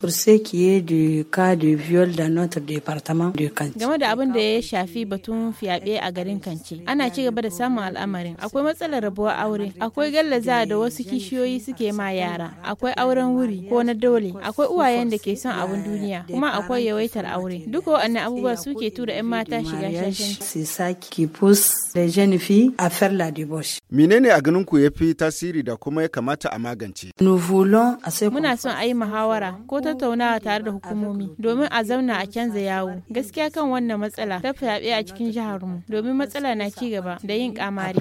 Pour ce qui est du cas de viol dans notre département de Kanti. Game da abin da ya shafi batun fyaɓe a garin kanti ana ci gaba da samun al'amarin. Akwai matsalar rabuwar aure, akwai gallaza da wasu kishiyoyi suke ma yara, akwai auren wuri ko na dole, akwai uwayen da ke son abin duniya, kuma akwai yawaitar aure. duk waɗannan abubuwa suke tura 'yan mata shiga shashen. C'est ça qui pousse les jeunes filles à faire la débauche. Menene a ganin ku yafi tasiri da kuma ya kamata a magance? Nous voulons Muna son ayi muhawara ko tattaunawa tare da hukumomi domin a zauna a canza yawo gaskiya kan wannan matsala ta fyaɓe a cikin jihar mu domin matsala na ci gaba da yin kamari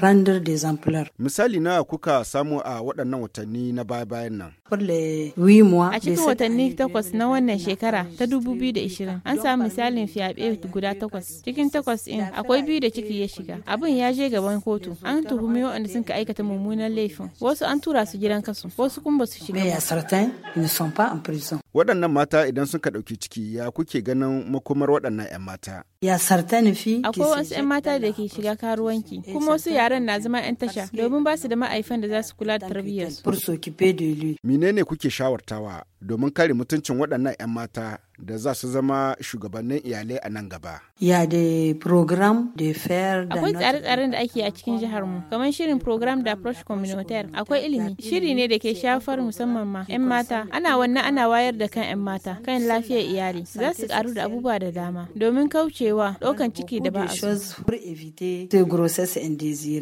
misali na kuka samu a waɗannan watanni na baya bayan nan a cikin watanni takwas na wannan shekara ta 2020 an samu misalin fyaɓe guda takwas cikin takwas in akwai biyu da ciki ya shiga abin ya je gaban kotu an tuhumi waɗanda sun ka aikata mummunan laifin wasu an tura su gidan kasu wasu kuma ba su shiga ba Waɗannan mata idan suka ɗauki ciki ya kuke ganin makomar waɗannan 'yan mata? ya sarta nufi akwai wasu 'yan mata da ke shiga karuwanki kuma wasu yaran na zama 'yan tasha domin ba su da ma'aifan da za su kula da tarbiyyarsu menene kuke shawartawa domin kare mutuncin waɗannan 'yan mata da za su zama shugabannin iyalai a nan gaba. Ya da program da fair da Akwai tsare-tsaren da ake a cikin jihar mu, kamar shirin program da approach communautaire. Akwai ilimi, shiri ne da ke shafar musamman ma 'yan mata. Ana wannan ana wayar da kan 'yan mata kan lafiyar iyali. Za su karu da abubuwa da dama domin kaucewa ɗaukan ciki da ba a so.